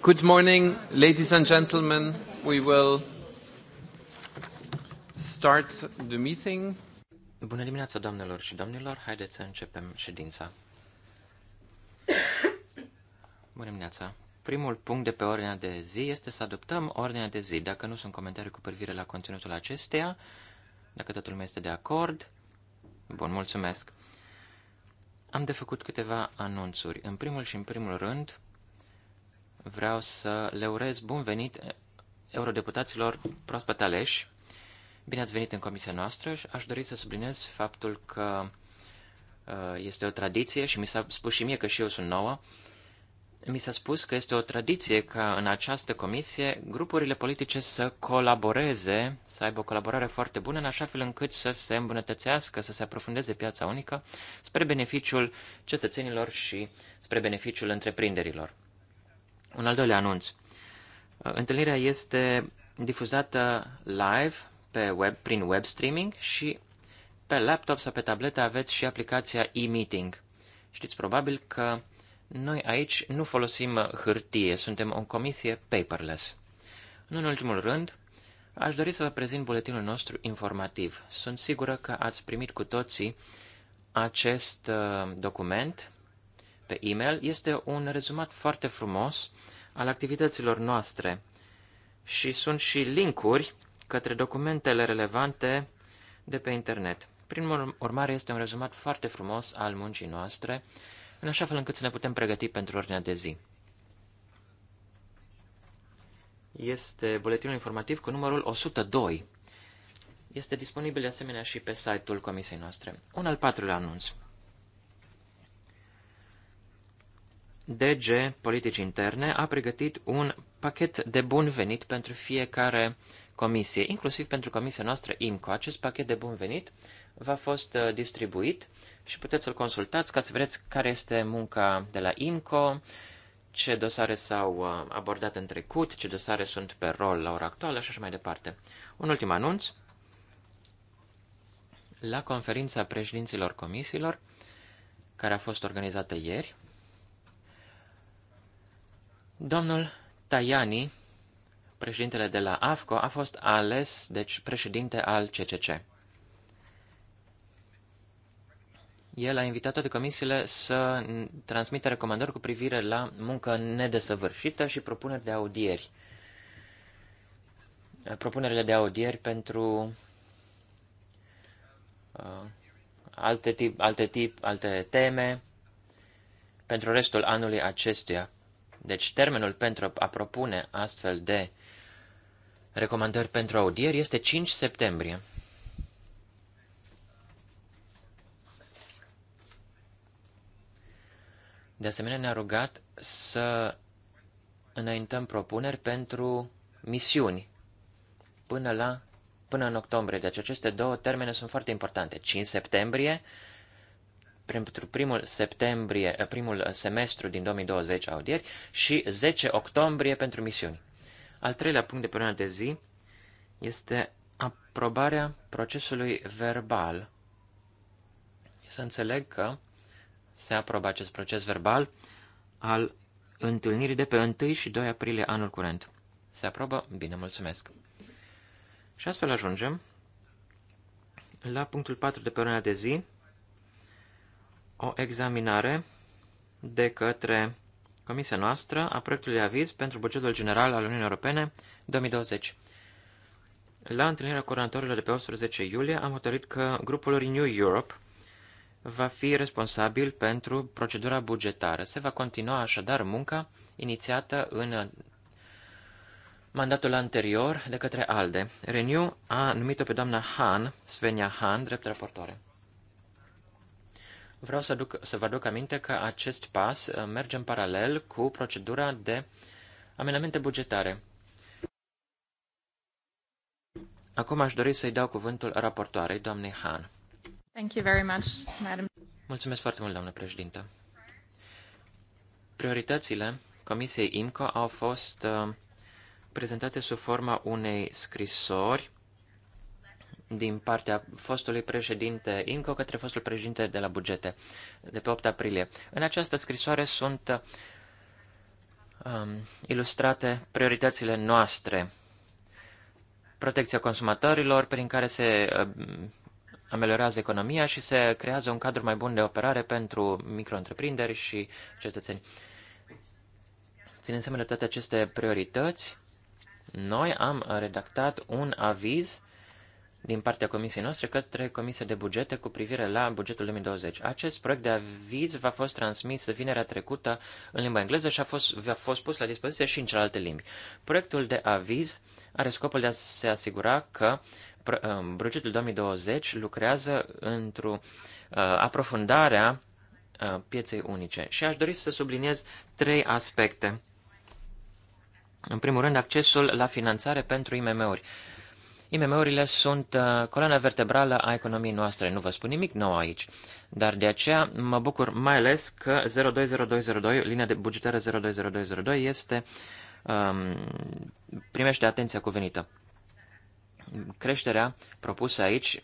Good morning, ladies and gentlemen. We will start the meeting. Bună dimineața, doamnelor și domnilor. Haideți să începem ședința. Bună dimineața. Primul punct de pe ordinea de zi este să adoptăm ordinea de zi. Dacă nu sunt comentarii cu privire la conținutul acesteia, dacă totul lumea este de acord, bun, mulțumesc. Am de făcut câteva anunțuri. În primul și în primul rând, vreau să le urez bun venit eurodeputaților proaspăt aleși. Bine ați venit în comisia noastră și aș dori să subliniez faptul că uh, este o tradiție și mi s-a spus și mie că și eu sunt nouă, mi s-a spus că este o tradiție ca în această comisie grupurile politice să colaboreze, să aibă o colaborare foarte bună, în așa fel încât să se îmbunătățească, să se aprofundeze piața unică spre beneficiul cetățenilor și spre beneficiul întreprinderilor. Un al doilea anunț. Întâlnirea este difuzată live pe web, prin web streaming și pe laptop sau pe tabletă aveți și aplicația e-meeting. Știți probabil că noi aici nu folosim uh, hârtie, suntem o comisie paperless. Nu în ultimul rând, aș dori să vă prezint buletinul nostru informativ. Sunt sigură că ați primit cu toții acest uh, document pe e-mail. Este un rezumat foarte frumos al activităților noastre și sunt și linkuri către documentele relevante de pe internet. Prin urmare, este un rezumat foarte frumos al muncii noastre în așa fel încât să ne putem pregăti pentru ordinea de zi. Este buletinul informativ cu numărul 102. Este disponibil de asemenea și pe site-ul comisiei noastre. Un al patrulea anunț. DG Politici Interne a pregătit un pachet de bun venit pentru fiecare comisie, inclusiv pentru comisia noastră IMCO. Acest pachet de bun venit v-a fost uh, distribuit și puteți să-l consultați ca să vedeți care este munca de la IMCO, ce dosare s-au uh, abordat în trecut, ce dosare sunt pe rol la ora actuală și așa mai departe. Un ultim anunț. La conferința președinților comisiilor, care a fost organizată ieri, domnul Tajani președintele de la AFCO a fost ales, deci, președinte al CCC. El a invitat toate comisiile să transmită recomandări cu privire la muncă nedesăvârșită și propuneri de audieri. Propunerile de audieri pentru uh, alte, tip, alte, tip, alte teme pentru restul anului acestuia. Deci termenul pentru a propune astfel de recomandări pentru audieri este 5 septembrie. De asemenea, ne-a rugat să înaintăm propuneri pentru misiuni până, la, până în octombrie. Deci aceste două termene sunt foarte importante. 5 septembrie, pentru primul, septembrie, primul semestru din 2020 audieri și 10 octombrie pentru misiuni. Al treilea punct de pe de zi este aprobarea procesului verbal. Să înțeleg că se aprobă acest proces verbal al întâlnirii de pe 1 și 2 aprilie anul curent. Se aprobă? Bine, mulțumesc. Și astfel ajungem la punctul 4 de pe ordinea de zi, o examinare de către comisia noastră a proiectului de aviz pentru bugetul general al Uniunii Europene 2020. La întâlnirea coordonatorilor de pe 18 iulie am hotărât că grupul Renew Europe va fi responsabil pentru procedura bugetară. Se va continua așadar munca inițiată în mandatul anterior de către ALDE. Renew a numit-o pe doamna Han, Svenia Han, drept raportoare. Vreau să, duc, să vă aduc aminte că acest pas uh, merge în paralel cu procedura de amenamente bugetare. Acum aș dori să-i dau cuvântul raportoarei, doamnei Han. Thank you very much, madam. Mulțumesc foarte mult, doamnă președintă. Prioritățile Comisiei IMCO au fost uh, prezentate sub forma unei scrisori din partea fostului președinte INCO către fostul președinte de la bugete, de pe 8 aprilie. În această scrisoare sunt um, ilustrate prioritățile noastre. Protecția consumatorilor, prin care se um, ameliorează economia și se creează un cadru mai bun de operare pentru micro-întreprinderi și cetățeni. Ținând seama de toate aceste priorități, noi am redactat un aviz din partea comisiei noastre către Comisia de Bugete cu privire la bugetul 2020. Acest proiect de aviz va fost transmis vinerea trecută în limba engleză și a fost, a fost pus la dispoziție și în celelalte limbi. Proiectul de aviz are scopul de a se asigura că uh, bugetul 2020 lucrează într-o uh, a uh, pieței unice. Și aș dori să subliniez trei aspecte. În primul rând, accesul la finanțare pentru IMM-uri. Uh, IMM-urile sunt uh, coloana vertebrală a economiei noastre. Nu vă spun nimic nou aici, dar de aceea mă bucur mai ales că 020202, linia de bugetară 020202, este, um, primește atenția cuvenită. Creșterea propusă aici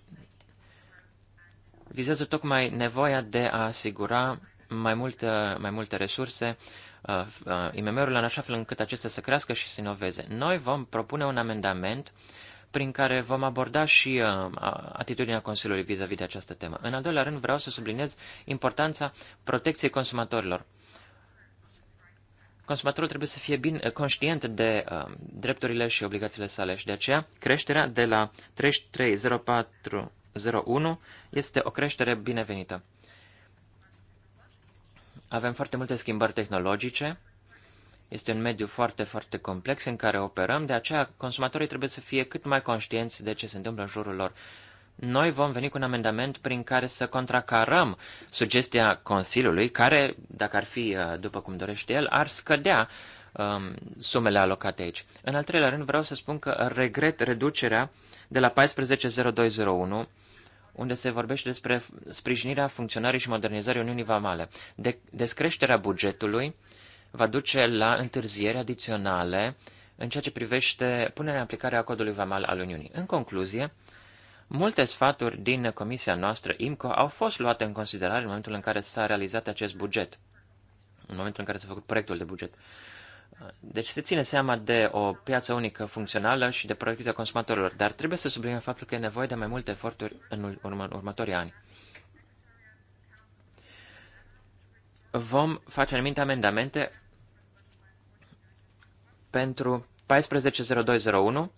vizează tocmai nevoia de a asigura mai multe, mai multe resurse uh, uh, imm urilor în așa fel încât acestea să crească și să inoveze. Noi vom propune un amendament uh, prin care vom aborda și uh, atitudinea Consiliului vis-a-vis de această temă. În al doilea rând, vreau să subliniez importanța protecției consumatorilor. Consumatorul trebuie să fie bine conștient de uh, drepturile și obligațiile sale și de aceea creșterea de la 330401 este o creștere binevenită. Avem foarte multe schimbări tehnologice este un mediu foarte, foarte complex în care operăm, de aceea consumatorii trebuie să fie cât mai conștienți de ce se întâmplă în jurul lor. Noi vom veni cu un amendament prin care să contracarăm sugestia Consiliului, care, dacă ar fi uh, după cum dorește el, ar scădea um, sumele alocate aici. În al treilea rând, vreau să spun că regret reducerea de la 140201 unde se vorbește despre sprijinirea funcționării și modernizării Uniunii Vamale, de, descreșterea bugetului va duce la întârzieri adiționale în ceea ce privește punerea în aplicare a codului VAMAL al Uniunii. În concluzie, multe sfaturi din comisia noastră IMCO au fost luate în considerare în momentul în care s-a realizat acest buget, în momentul în care s-a făcut proiectul de buget. Deci se ține seama de o piață unică funcțională și de proiectele consumatorilor, dar trebuie să subliniem faptul că e nevoie de mai multe eforturi în urmă, următorii ani. Vom face anumite amendamente pentru 140201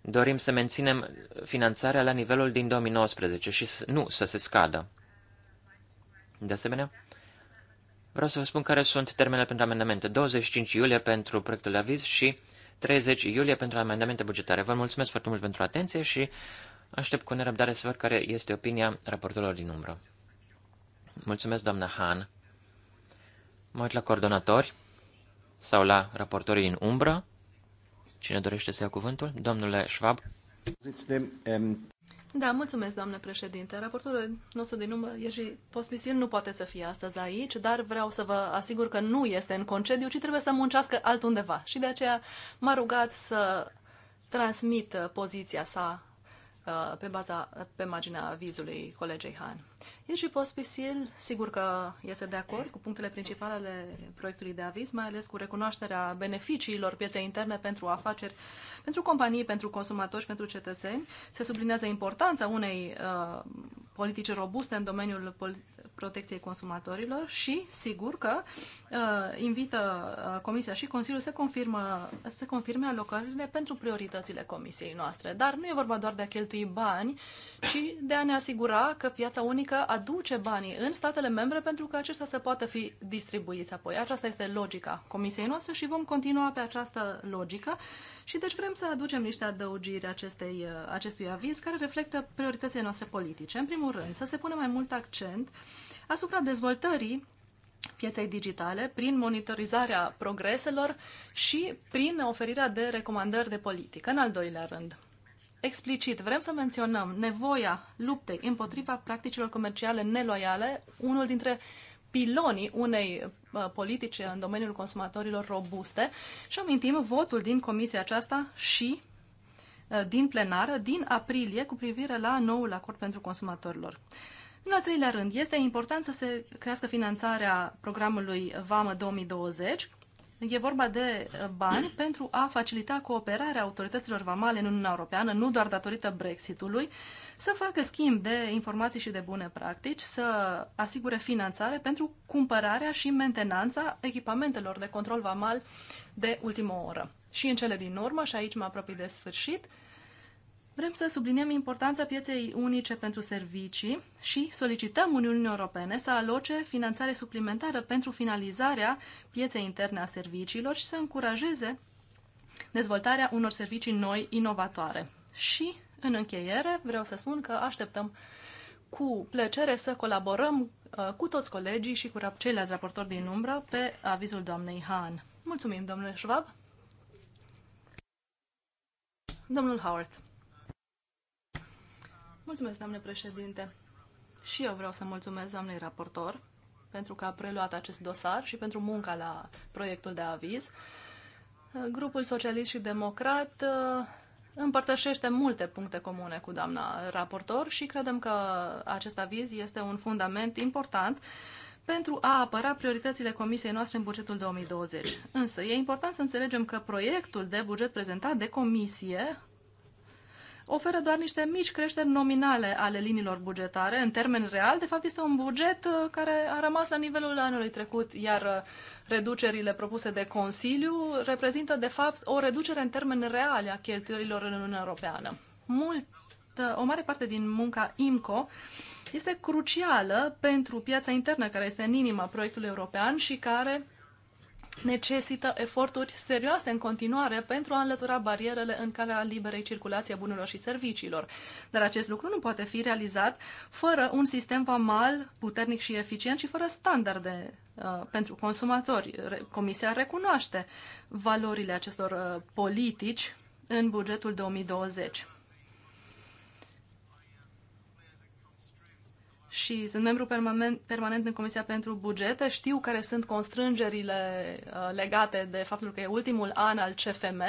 dorim să menținem finanțarea la nivelul din 2019 și nu să se scadă. De asemenea, vreau să vă spun care sunt termenele pentru amendamente. 25 iulie pentru proiectul de aviz și 30 iulie pentru amendamente bugetare. Vă mulțumesc foarte mult pentru atenție și aștept cu nerăbdare să văd care este opinia raportorilor din umbră. Mulțumesc, doamna Han. Mă uit la coordonatori sau la raportorii în umbră. Cine dorește să ia cuvântul? Domnule Schwab. Da, mulțumesc, doamnă președinte. Raportorul nostru din umbră, Ieși Pospisil, nu poate să fie astăzi aici, dar vreau să vă asigur că nu este în concediu, ci trebuie să muncească altundeva. Și de aceea m-a rugat să transmit poziția sa uh, pe baza, pe marginea vizului colegei Han. Ierși Pospisil, sigur că este de acord cu punctele principale ale proiectului de aviz, mai ales cu recunoașterea beneficiilor pieței interne pentru afaceri, pentru companii, pentru consumatori, pentru cetățeni. Se sublinează importanța unei uh, politici robuste în domeniul protecției consumatorilor și, sigur că, uh, invită uh, Comisia și Consiliul să, confirmă, să confirme alocările pentru prioritățile Comisiei noastre. Dar nu e vorba doar de a cheltui bani, ci de a ne asigura că piața unică că aduce banii în statele membre pentru că acestea se poată fi distribuiți apoi. Aceasta este logica comisiei noastre și vom continua pe această logică și deci vrem să aducem niște adăugiri acestei, uh, acestui aviz care reflectă prioritățile noastre politice. În primul rând, să se pune mai mult accent asupra dezvoltării pieței digitale prin monitorizarea progreselor și prin oferirea de recomandări de politică. În al doilea rând, explicit, vrem să menționăm nevoia luptei împotriva practicilor comerciale neloiale, unul dintre pilonii unei uh, politici în domeniul consumatorilor robuste și amintim votul din comisia aceasta și uh, din plenară din aprilie cu privire la noul acord pentru consumatorilor. În al treilea rând, este important să se crească finanțarea programului VAMA 2020 E vorba de uh, bani pentru a facilita cooperarea autorităților vamale în Uniunea Europeană, nu doar datorită Brexitului, să facă schimb de informații și de bune practici, să asigure finanțare pentru cumpărarea și mentenanța echipamentelor de control vamal de ultimă oră. Și în cele din urmă, și aici mă apropii de sfârșit, Vrem să subliniem importanța pieței unice pentru servicii și solicităm Uniunii Europene să aloce finanțare suplimentară pentru finalizarea pieței interne a serviciilor și să încurajeze dezvoltarea unor servicii noi, inovatoare. Și, în încheiere, vreau să spun că așteptăm cu plăcere să colaborăm uh, cu toți colegii și cu ceilalți raportori din umbră pe avizul doamnei Hahn. Mulțumim, domnule Schwab! Domnul Howard. Mulțumesc, doamne președinte. Și eu vreau să mulțumesc doamnei raportor pentru că a preluat acest dosar și pentru munca la proiectul de aviz. Grupul Socialist și Democrat uh, împărtășește multe puncte comune cu doamna raportor și credem că acest aviz este un fundament important pentru a apăra prioritățile comisiei noastre în bugetul 2020. Însă, e important să înțelegem că proiectul de buget prezentat de comisie oferă doar niște mici creșteri nominale ale liniilor bugetare. În termen real, de fapt, este un buget uh, care a rămas la nivelul anului trecut, iar uh, reducerile propuse de Consiliu reprezintă, de fapt, o reducere în termen real a cheltuielilor în Uniunea Europeană. Mult, uh, o mare parte din munca IMCO este crucială pentru piața internă care este în inima proiectului european și care necesită eforturi serioase în continuare pentru a înlătura barierele în calea liberei circulației a bunurilor și serviciilor. Dar acest lucru nu poate fi realizat fără un sistem vamal puternic și eficient și fără standarde uh, pentru consumatori. Comisia recunoaște valorile acestor uh, politici în bugetul 2020. și sunt membru permanent, permanent în Comisia pentru Bugete. Știu care sunt constrângerile uh, legate de faptul că e ultimul an al CFM,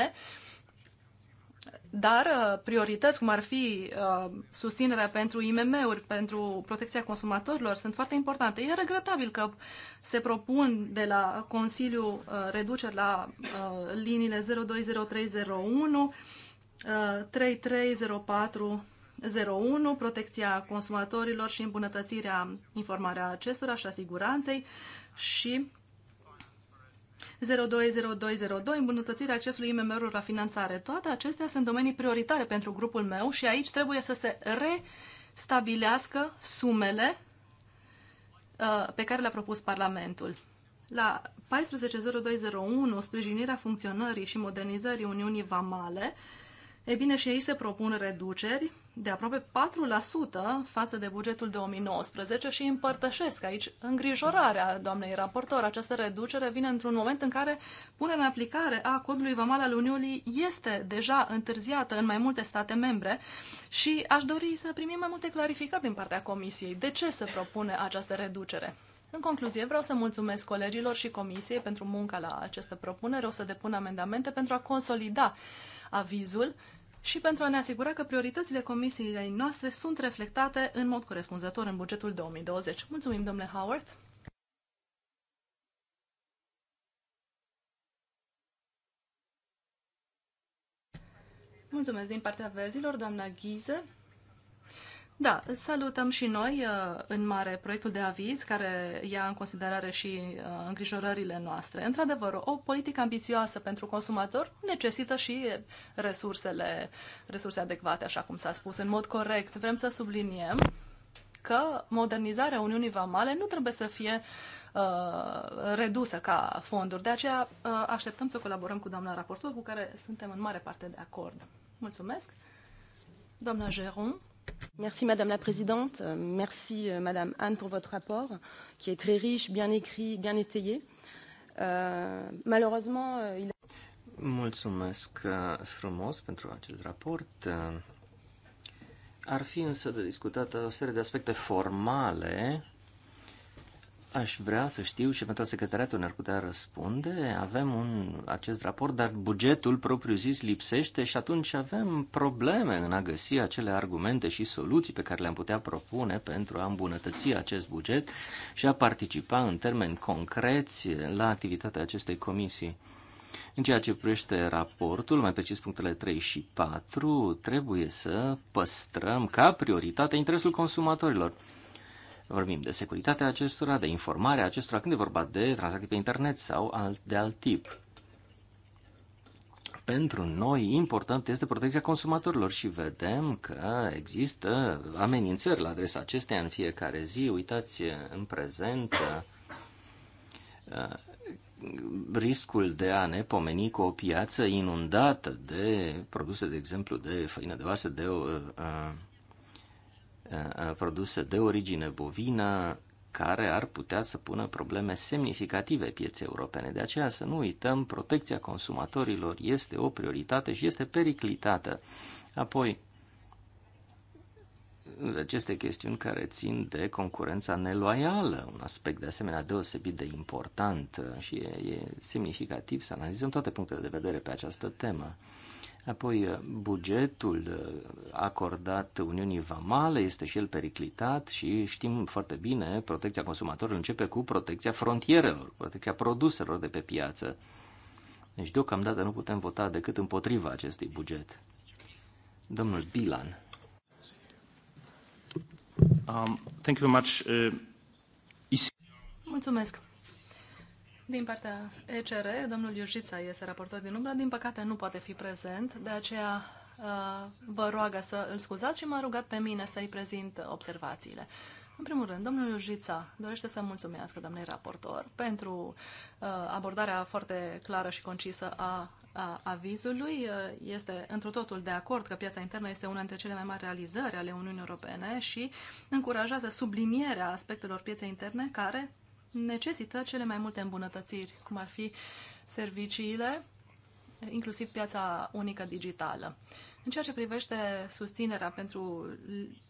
dar uh, priorități, cum ar fi uh, susținerea pentru IMM-uri, pentru protecția consumatorilor, sunt foarte importante. E regretabil că se propun de la Consiliu uh, reduceri la uh, liniile 020301, uh, 3304 01, protecția consumatorilor și îmbunătățirea informarea acestora și a siguranței și 020202, îmbunătățirea accesului IMM-urilor la finanțare. Toate acestea sunt domenii prioritare pentru grupul meu și aici trebuie să se restabilească sumele uh, pe care le-a propus Parlamentul. La 14.0201, sprijinirea funcționării și modernizării Uniunii Vamale, e bine, și aici se propun reduceri de aproape 4% față de bugetul 2019 și împărtășesc aici îngrijorarea doamnei raportor. Această reducere vine într-un moment în care punerea în aplicare a codului vamal al Uniunii este deja întârziată în mai multe state membre și aș dori să primim mai multe clarificări din partea Comisiei. De ce se propune această reducere? În concluzie, vreau să mulțumesc colegilor și Comisiei pentru munca la această propunere. O să depun amendamente pentru a consolida avizul și pentru a ne asigura că prioritățile comisiei noastre sunt reflectate în mod corespunzător în bugetul 2020. Mulțumim, domnule Howard! Mulțumesc din partea verzilor, doamna Ghize. Da, salutăm și noi uh, în mare proiectul de aviz care ia în considerare și uh, îngrijorările noastre. Într-adevăr, o politică ambițioasă pentru consumator necesită și resursele, resurse adecvate, așa cum s-a spus, în mod corect. Vrem să subliniem că modernizarea Uniunii Vamale nu trebuie să fie uh, redusă ca fonduri. De aceea așteptăm să colaborăm cu doamna raportor, cu care suntem în mare parte de acord. Mulțumesc. Doamna Jérôme. Merci Madame la Présidente, euh, merci euh, Madame Anne pour votre rapport qui est très riche, bien écrit, bien étayé. Uh, malheureusement, euh, il a... Mulțumesc uh, frumos pentru acest raport. Uh, ar fi însă de discutat o serie de aspecte formale Aș vrea să știu și eventual secretariatul ne-ar putea răspunde. Avem un, acest raport, dar bugetul propriu-zis lipsește și atunci avem probleme în a găsi acele argumente și soluții pe care le-am putea propune pentru a îmbunătăți acest buget și a participa în termeni concreți la activitatea acestei comisii. În ceea ce privește raportul, mai precis punctele 3 și 4, trebuie să păstrăm ca prioritate interesul consumatorilor Vorbim de securitatea acestora, de informarea acestora, când e vorba de tranzacții pe internet sau alt, de alt tip. Pentru noi important este protecția consumatorilor și vedem că există amenințări la adresa acesteia în fiecare zi. Uitați în prezent uh, riscul de a ne pomeni cu o piață inundată de produse, de exemplu, de făină de oase, de uh, uh produse de origine bovină care ar putea să pună probleme semnificative pieței europene. De aceea să nu uităm, protecția consumatorilor este o prioritate și este periclitată. Apoi, aceste chestiuni care țin de concurența neloială, un aspect de asemenea deosebit de important și e, e semnificativ să analizăm toate punctele de vedere pe această temă. Apoi, uh, bugetul uh, acordat Uniunii Vamale este și el periclitat și știm foarte bine, protecția consumatorilor începe cu protecția frontierelor, protecția produselor de pe piață. Deci, deocamdată nu putem vota decât împotriva acestui buget. Domnul Bilan. Um, thank you very much. Uh, Mulțumesc. Din partea ECR, domnul Iurgița este raportor din umbră, din păcate nu poate fi prezent, de aceea uh, vă roagă să îl scuzați și m-a rugat pe mine să-i prezint observațiile. În primul rând, domnul Iurgița dorește să mulțumească doamnei raportor pentru uh, abordarea foarte clară și concisă a, a avizului. Uh, este întru totul de acord că piața internă este una dintre cele mai mari realizări ale Uniunii Europene și încurajează sublinierea aspectelor pieței interne care necesită cele mai multe îmbunătățiri, cum ar fi serviciile, inclusiv piața unică digitală. În ceea ce privește susținerea pentru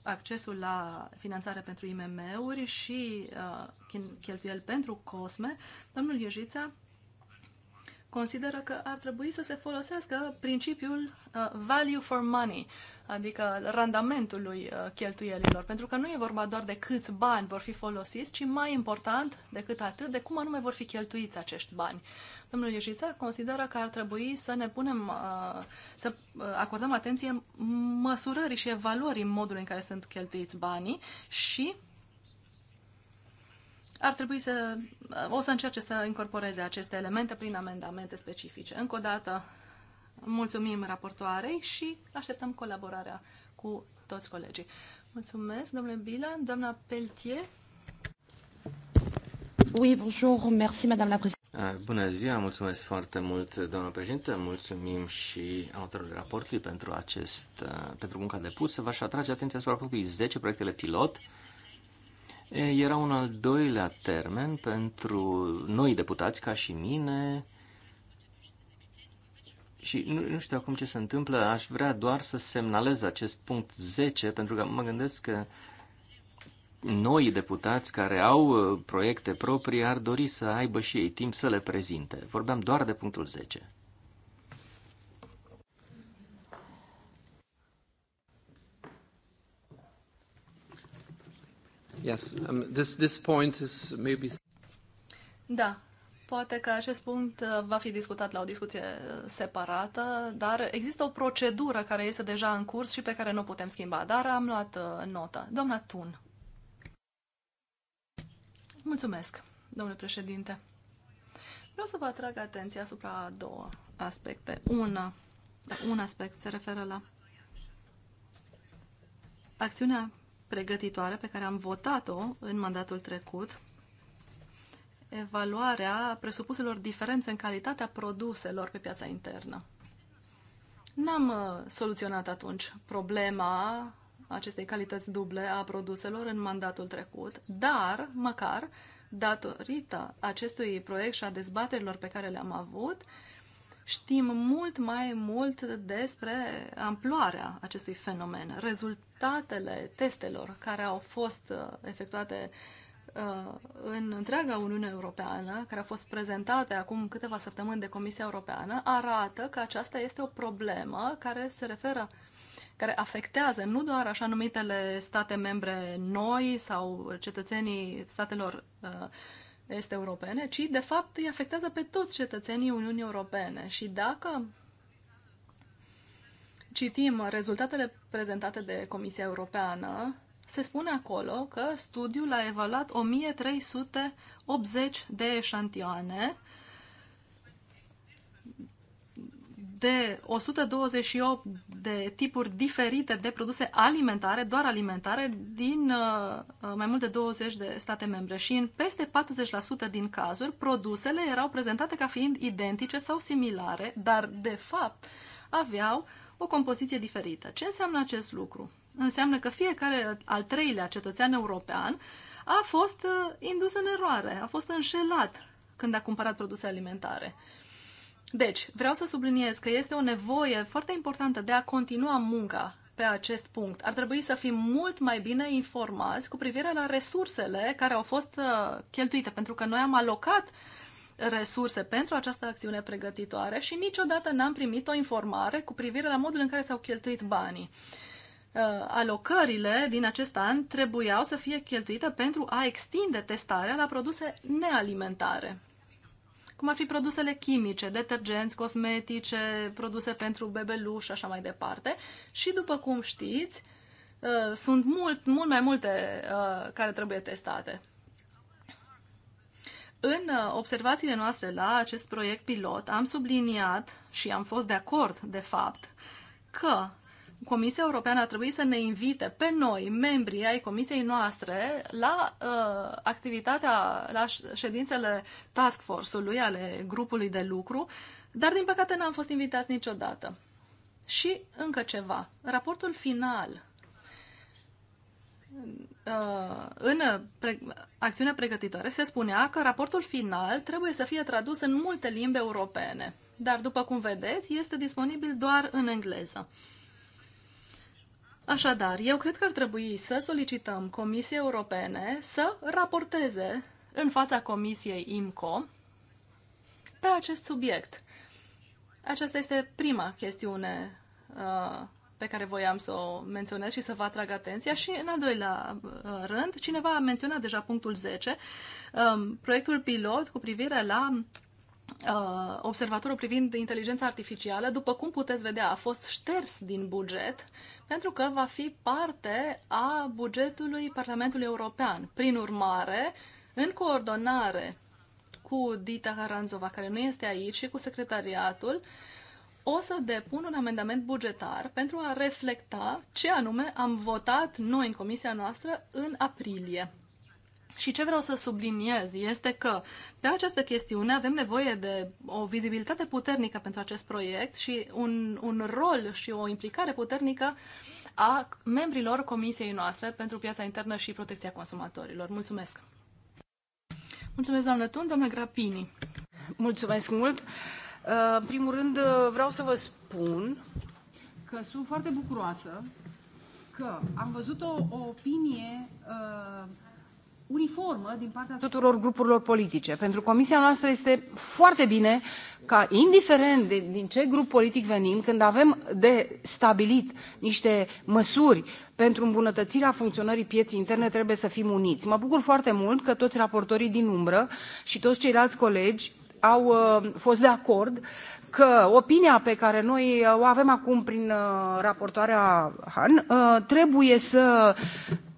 accesul la finanțare pentru IMM-uri și uh, cheltuieli pentru COSME, domnul Iejița consideră că ar trebui să se folosească principiul uh, value for money, adică randamentului uh, cheltuielilor, pentru că nu e vorba doar de câți bani vor fi folosiți, ci mai important decât atât, de cum anume vor fi cheltuiți acești bani. Domnul Ieșița consideră că ar trebui să ne punem, uh, să uh, acordăm atenție măsurării și evaluării modului în care sunt cheltuiți banii și ar trebui să, o să încerce să incorporeze aceste elemente prin amendamente specifice. Încă o dată, mulțumim raportoarei și așteptăm colaborarea cu toți colegii. Mulțumesc, domnule Bila, doamna Peltier. Oui, bonjour, merci, madame la présidente. Ah, bună ziua, mulțumesc foarte mult, doamnă președinte, mulțumim și autorului raportului pentru, acest, pentru munca depusă. V-aș atrage atenția asupra faptului 10 proiectele pilot era un al doilea termen pentru noi deputați ca și mine și nu, nu știu acum ce se întâmplă, aș vrea doar să semnalez acest punct 10 pentru că mă gândesc că noi deputați care au uh, proiecte proprii ar dori să aibă și ei timp să le prezinte. Vorbeam doar de punctul 10. Yes, um, this, this point is maybe... Da, poate că acest punct uh, va fi discutat la o discuție uh, separată, dar există o procedură care este deja în curs și pe care nu putem schimba, dar am luat uh, notă. Doamna Tun. Mulțumesc, domnule președinte. Vreau să vă atrag atenția asupra două aspecte. Una, un aspect se referă la acțiunea pregătitoare pe care am votat-o în mandatul trecut, evaluarea presupuselor diferențe în calitatea produselor pe piața internă. N-am uh, soluționat atunci problema acestei calități duble a produselor în mandatul trecut, dar, măcar, datorită acestui proiect și a dezbaterilor pe care le-am avut, uh, știm mult mai mult despre amploarea acestui fenomen, rezultatele testelor care au fost uh, efectuate uh, în întreaga Uniune Europeană, care au fost prezentate acum câteva săptămâni de Comisia Europeană, arată că aceasta este o problemă care se referă care afectează nu doar așa numitele state membre noi sau cetățenii statelor uh, este europene, ci de fapt îi afectează pe toți cetățenii Uniunii Europene. Și dacă citim rezultatele prezentate de Comisia Europeană, se spune acolo că studiul a evaluat 1380 de eșantioane de 128 de tipuri diferite de produse alimentare, doar alimentare, din uh, uh, mai mult de 20 de state membre și în peste 40% din cazuri produsele erau prezentate ca fiind identice sau similare, dar de fapt aveau o compoziție diferită. Ce înseamnă acest lucru? Înseamnă că fiecare al treilea cetățean european a fost uh, indus în eroare, a fost înșelat când a cumpărat produse alimentare. Uh, deci, vreau să subliniez că este o nevoie foarte importantă de a continua munca pe acest punct. Ar trebui să fim mult mai bine informați cu privire la resursele care au fost uh, cheltuite, pentru că noi am alocat resurse pentru această acțiune pregătitoare și niciodată n-am primit o informare cu privire la modul în care s-au cheltuit banii. Uh, alocările din acest an trebuiau să fie cheltuite pentru a extinde testarea la produse nealimentare cum ar fi produsele chimice, detergenți, cosmetice, produse pentru bebeluș și așa mai departe. Și după cum știți, uh, sunt mult, mult mai multe uh, care trebuie testate. În uh, observațiile noastre la acest proiect pilot am subliniat și am fost de acord, de fapt, că Comisia Europeană a trebuit să ne invite pe noi, membrii ai comisiei noastre, la uh, activitatea, la ședințele task force-ului, ale grupului de lucru, dar din păcate n-am fost invitați niciodată. Și încă ceva. Raportul final uh, în pre- acțiunea pregătitoare se spunea că raportul final trebuie să fie tradus în multe limbi europene, dar după cum vedeți, este disponibil doar în engleză. Așadar, eu cred că ar trebui să solicităm Comisiei Europene să raporteze în fața Comisiei IMCO pe acest subiect. Aceasta este prima chestiune uh, pe care voiam să o menționez și să vă atrag atenția. Și în al doilea uh, rând, cineva a menționat deja punctul 10, um, proiectul pilot cu privire la Uh, observatorul privind inteligența artificială, după cum puteți vedea, a fost șters din buget pentru că va fi parte a bugetului Parlamentului European. Prin urmare, în coordonare cu Dita Haranzova, care nu este aici, și cu secretariatul, o să depun un amendament bugetar pentru a reflecta ce anume am votat noi în comisia noastră în aprilie. Și ce vreau să subliniez este că pe această chestiune avem nevoie de o vizibilitate puternică pentru acest proiect și un, un rol și o implicare puternică a membrilor comisiei noastre pentru piața internă și protecția consumatorilor. Mulțumesc! Mulțumesc, doamnă Tun, doamnă Grapini! Mulțumesc mult! În primul rând, vreau să vă spun că sunt foarte bucuroasă că am văzut o, o opinie uh, uniformă din partea tuturor grupurilor politice. Pentru comisia noastră este foarte bine ca, indiferent de, din ce grup politic venim, când avem de stabilit niște măsuri pentru îmbunătățirea funcționării pieței interne, trebuie să fim uniți. Mă bucur foarte mult că toți raportorii din umbră și toți ceilalți colegi au uh, fost de acord că opinia pe care noi o avem acum prin uh, raportoarea Han uh, trebuie să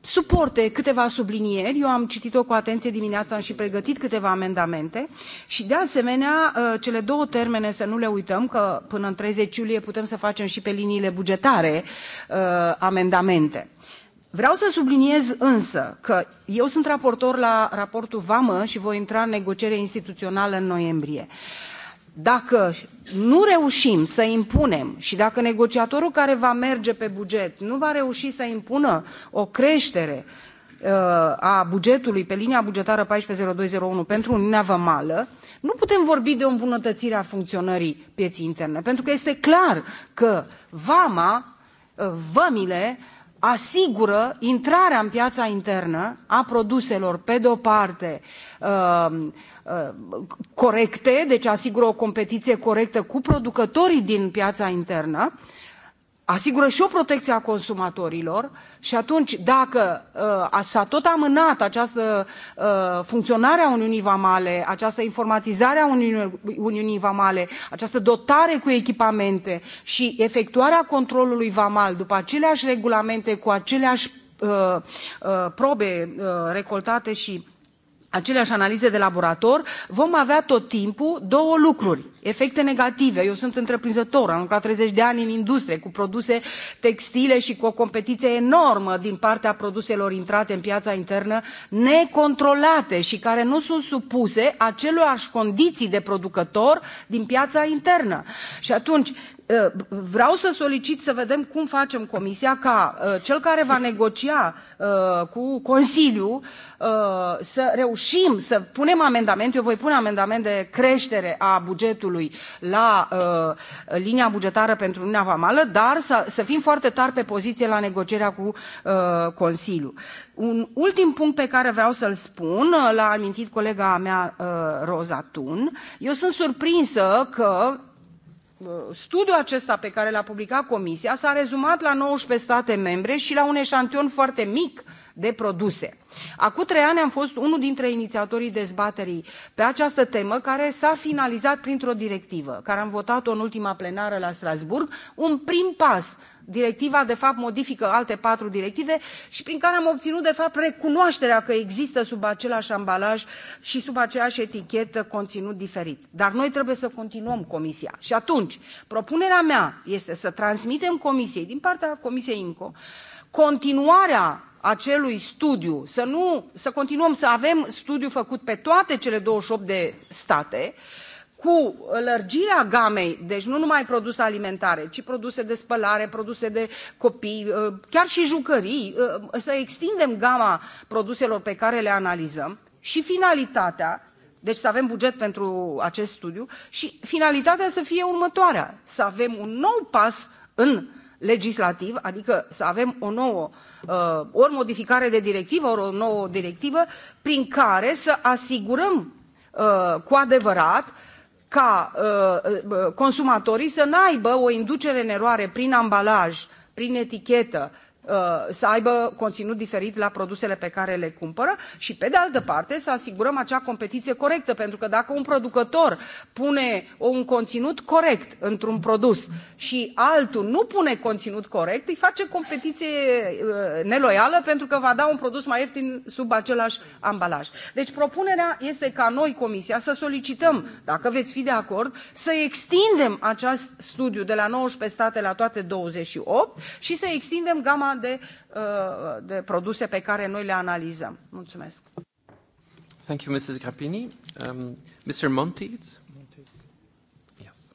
suporte câteva sublinieri eu am citit o cu atenție dimineața am și pregătit câteva amendamente și de asemenea uh, cele două termene să nu le uităm că până în 30 iulie putem să facem și pe liniile bugetare uh, amendamente. Vreau să subliniez însă că eu sunt raportor la raportul VAMă și voi intra în negociere instituțională în noiembrie. Uh, dacă nu reușim să impunem și dacă negociatorul care va merge pe buget nu va reuși să impună o creștere uh, a bugetului pe linia bugetară 140201 pentru Uniunea Vamală, nu putem vorbi de o îmbunătățire a funcționării pieții interne, pentru că este clar că vama, uh, vămile, asigură intrarea în piața internă a produselor, pe de-o parte, uh, corecte, deci asigură o competiție corectă cu producătorii din piața internă, asigură și o protecție a consumatorilor și atunci dacă uh, s-a tot amânat această uh, funcționare a Uniunii Vamale, această informatizare a Uniunii, Uniunii Vamale, această dotare cu echipamente și efectuarea controlului Vamal după aceleași regulamente cu aceleași uh, uh probe uh, recoltate și aceleași analize de laborator vom avea tot timpul două lucruri efecte negative eu sunt întreprinzător am lucrat treizeci de ani în industrie cu produse textile și cu o competiție enormă din partea produselor intrate în piața internă necontrolate și care nu sunt supuse aceleași condiții de producător din piața internă și atunci Uh, vreau să solicit să vedem cum facem comisia ca uh, cel care va negocia uh, cu Consiliul să reușim să punem amendament, eu voi pune amendament de creștere a bugetului la linia bugetară pentru Uniunea Vamală, dar să, să fim foarte tari pe poziție la negocierea cu Consiliul. Un ultim punct pe care vreau să-l spun, l-a amintit colega mea Roza Tun, eu sunt surprinsă că Uh, studiul acesta pe care l a publicat comisia s a rezumat la nouăsprezece state membre și la un eșantion foarte mic de de produse. Acum trei ani am fost unul dintre inițiatorii dezbaterii pe această temă, care s-a finalizat printr-o directivă, care am votat-o în ultima plenară la Strasbourg, un prim pas directiva de fapt modifică alte patru directive și prin care am obținut de fapt recunoașterea că există sub același ambalaj și sub aceeași etichetă conținut diferit. Dar noi trebuie să continuăm comisia. Și atunci, propunerea mea este să transmitem comisiei, din partea comisiei IMCO, continuarea acelui studiu, să nu, să continuăm să avem studiu făcut pe toate cele 28 de state, cu lărgirea gamei, deci nu numai produse alimentare, ci produse de spălare, produse de copii, ă, chiar și jucării, ă, ă, să extindem gama produselor pe care le analizăm și finalitatea, deci să avem buget pentru acest studiu și finalitatea să fie următoarea, să avem un nou pas în legislativ, adică să avem o nouă, uh, ori modificare de directivă, ori o nouă directivă, prin care să asigurăm uh, cu adevărat ca uh, consumatorii să n-aibă o inducere în eroare prin ambalaj, prin etichetă, Uh, să aibă conținut diferit la produsele pe care le cumpără și pe de altă parte să asigurăm acea competiție corectă pentru că dacă un producător pune un conținut corect într un produs și altul nu pune conținut corect îi face competiție uh, neloială pentru că va da un produs mai ieftin sub același ambalaj. Deci propunerea este ca noi Comisia să solicităm, dacă veți fi de acord, să extindem acest studiu de la 19 state la toate 28 și să extindem gama de, uh, de produse pe care noi le analizăm. Mulțumesc. Thank you, Mrs. Grappini. Um, Mr. Monteith? Yes.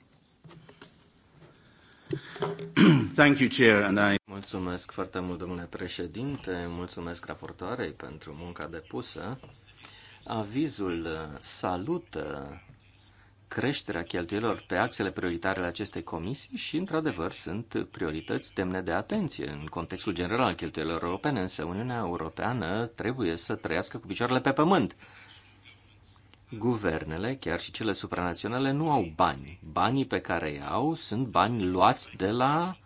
Thank you, Chair, and I... Mulțumesc foarte mult, domnule președinte, mulțumesc raportoarei pentru munca depusă. Avizul salută creșterea cheltuielor pe axele prioritare ale acestei comisii și, într-adevăr, sunt priorități demne de atenție în contextul general al cheltuielor europene, însă Uniunea Europeană trebuie să trăiască cu picioarele pe pământ. Guvernele, chiar și cele supranaționale, nu au bani. Banii pe care îi au sunt bani luați de la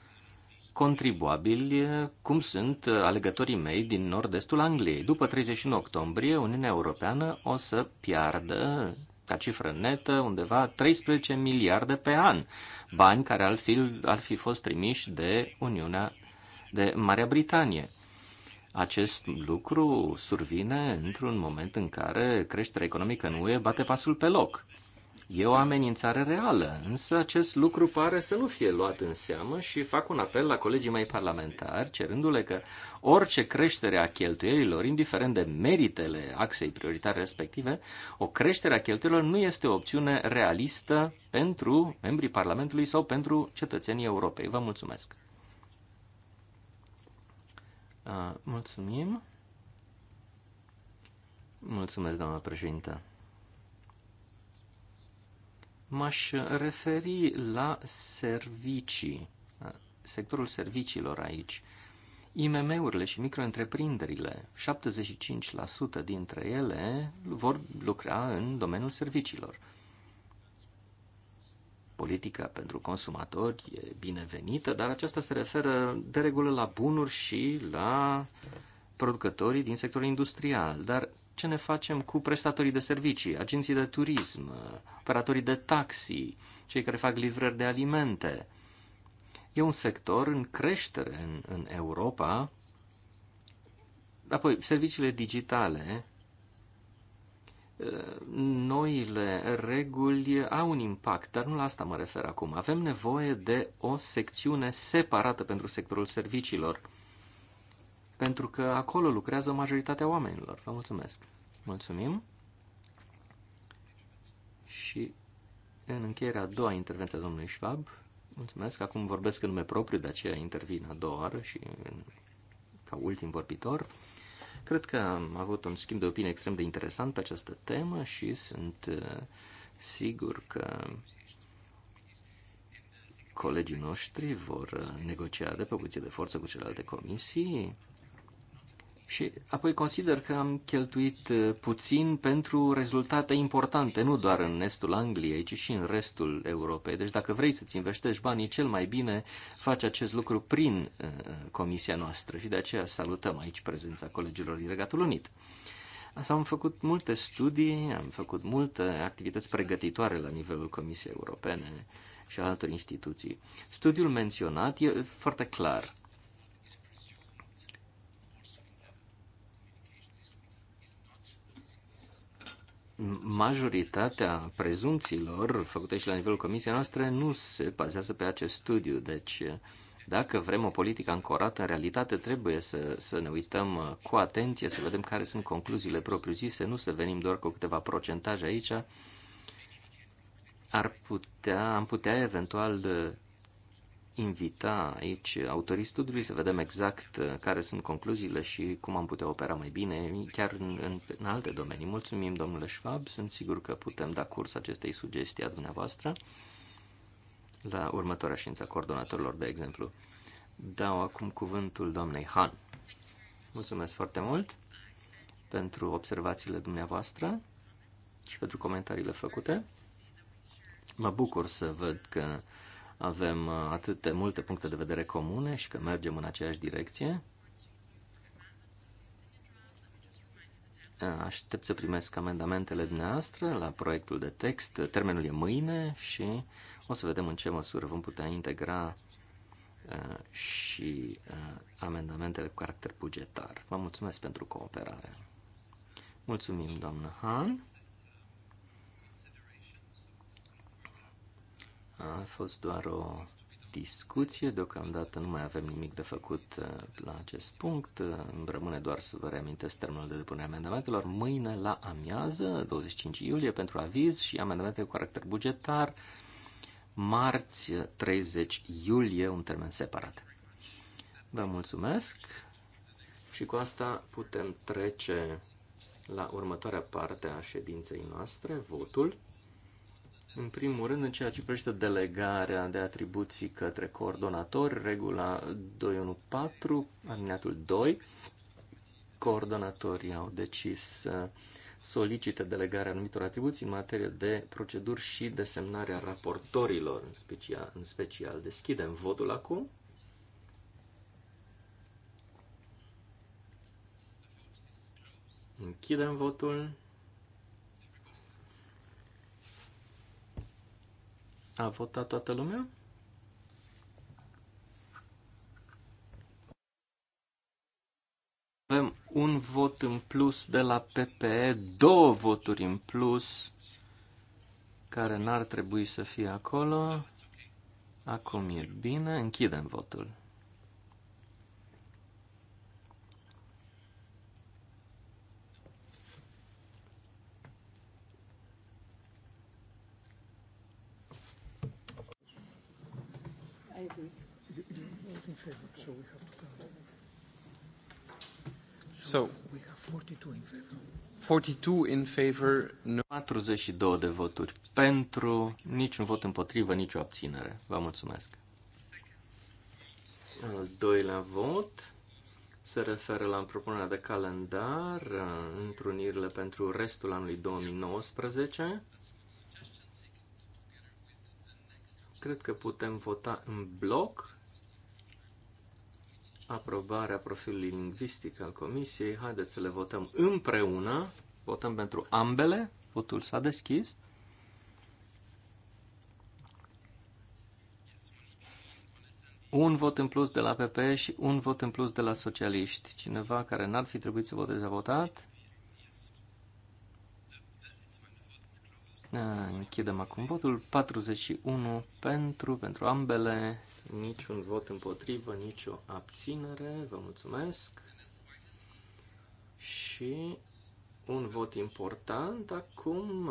contribuabili, cum sunt alegătorii mei din nord-estul Angliei. După 31 octombrie, Uniunea Europeană o să piardă ca cifră netă, undeva 13 miliarde pe an, bani care ar fi, ar fi fost trimiși de Uniunea, de Marea Britanie. Acest lucru survine într-un moment în care creșterea economică în UE bate pasul pe loc. E o amenințare reală, însă acest lucru pare să nu fie luat în seamă și fac un apel la colegii mei parlamentari, cerându-le că orice creștere a cheltuielilor, indiferent de meritele axei prioritare respective, o creștere a cheltuielilor nu este o opțiune realistă pentru membrii Parlamentului sau pentru cetățenii Europei. Vă mulțumesc! Uh, mulțumim! Mulțumesc, doamnă președintă! M-aș referi la servicii, sectorul serviciilor aici. IMM-urile și micro-întreprinderile, 75% dintre ele vor lucra în domeniul serviciilor. Politica pentru consumatori e binevenită, dar aceasta se referă de regulă la bunuri și la producătorii din sectorul industrial. Dar ce ne facem cu prestatorii de servicii, agenții de turism, operatorii de taxi, cei care fac livrări de alimente. E un sector în creștere în, în Europa. Apoi, serviciile digitale, noile reguli au un impact, dar nu la asta mă refer acum. Avem nevoie de o secțiune separată pentru sectorul serviciilor pentru că acolo lucrează majoritatea oamenilor. Vă mulțumesc! Mulțumim! Și în încheierea a doua intervenție a domnului Schwab, mulțumesc, acum vorbesc în nume propriu, de aceea intervin a doua oară și ca ultim vorbitor. Cred că am avut un schimb de opinie extrem de interesant pe această temă și sunt uh, sigur că colegii noștri vor uh, negocia de pe puțin de forță cu celelalte comisii și apoi consider că am cheltuit uh, puțin pentru rezultate importante, nu doar în estul Angliei, ci și în restul Europei. Deci dacă vrei să-ți investești banii, cel mai bine faci acest lucru prin uh, comisia noastră și de aceea salutăm aici prezența colegilor din Regatul Unit. Asta am făcut multe studii, am făcut multe activități pregătitoare la nivelul Comisiei Europene și altor instituții. Studiul menționat e foarte clar majoritatea prezumțiilor făcute și la nivelul comisiei noastre nu se bazează pe acest studiu. Deci, dacă vrem o politică ancorată în realitate, trebuie să, să ne uităm uh, cu atenție, să vedem care sunt concluziile propriu-zise, nu să venim doar cu câteva procentaje aici. Ar putea, am putea eventual uh, invita aici autorii studiului să vedem exact uh, care sunt concluziile și cum am putea opera mai bine, chiar în, în, în alte domenii. Mulțumim, domnule Schwab, sunt sigur că putem da curs acestei sugestii a dumneavoastră la următoarea știință a coordonatorilor, de exemplu. Dau acum cuvântul doamnei Han. Mulțumesc foarte mult pentru observațiile dumneavoastră și pentru comentariile făcute. Mă bucur să văd că avem uh, atât de multe puncte de vedere comune și că mergem în aceeași direcție. Uh, aștept să primesc amendamentele dumneavoastră la proiectul de text. Termenul e mâine și o să vedem în ce măsură vom putea integra uh, și amendamentele cu caracter bugetar. Vă mulțumesc pentru cooperare. Mulțumim, doamnă Han. A fost doar o discuție, deocamdată nu mai avem nimic de făcut uh, la acest punct. Îmi rămâne doar să vă reamintesc termenul de depunere a amendamentelor. Mâine la amiază, 25 iulie, pentru aviz și amendamente cu caracter bugetar. Marți, 30 iulie, un termen separat. Vă mulțumesc și cu asta putem trece la următoarea parte a ședinței noastre, votul. În primul rând, în ceea ce privește delegarea de atribuții către coordonatori, regula 214, alineatul 2, coordonatorii au decis să solicite delegarea anumitor atribuții în materie de proceduri și desemnarea raportorilor, în special, în special. Deschidem votul acum. Închidem votul. A votat toată lumea? Avem un vot în plus de la PPE, două voturi în plus care n-ar trebui să fie acolo. Acum e bine, închidem votul. So, 42 in favor, 42 de voturi pentru, niciun vot împotrivă, nicio abținere. Vă mulțumesc. Al doilea vot se referă la propunerea de calendar, întrunirile pentru restul anului 2019. Cred că putem vota în bloc aprobarea profilului lingvistic al comisiei. Haideți să le votăm împreună. Votăm pentru ambele. Votul s-a deschis. Un vot în plus de la PP și un vot în plus de la socialiști. Cineva care n-ar fi trebuit să voteze a votat. Da, închidem acum votul. 41 pentru, pentru ambele. Niciun vot împotrivă, nicio abținere. Vă mulțumesc. Și un vot important acum.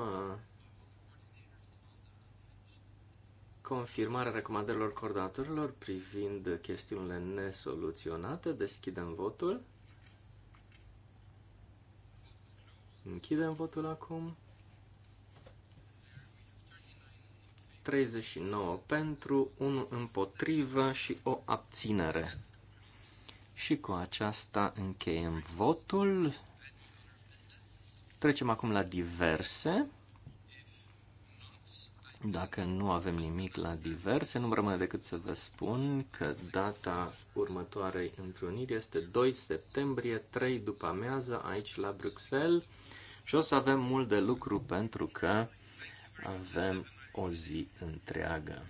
Confirmarea recomandărilor coordonatorilor privind chestiunile nesoluționate. Deschidem votul. Închidem votul acum. 39 pentru, 1 împotrivă și o abținere. Și cu aceasta încheiem votul. Trecem acum la diverse. Dacă nu avem nimic la diverse, nu rămâne decât să vă spun că data următoarei întruniri este 2 septembrie, 3 după amiază, aici la Bruxelles. Și o să avem mult de lucru pentru că avem o zi întreagă.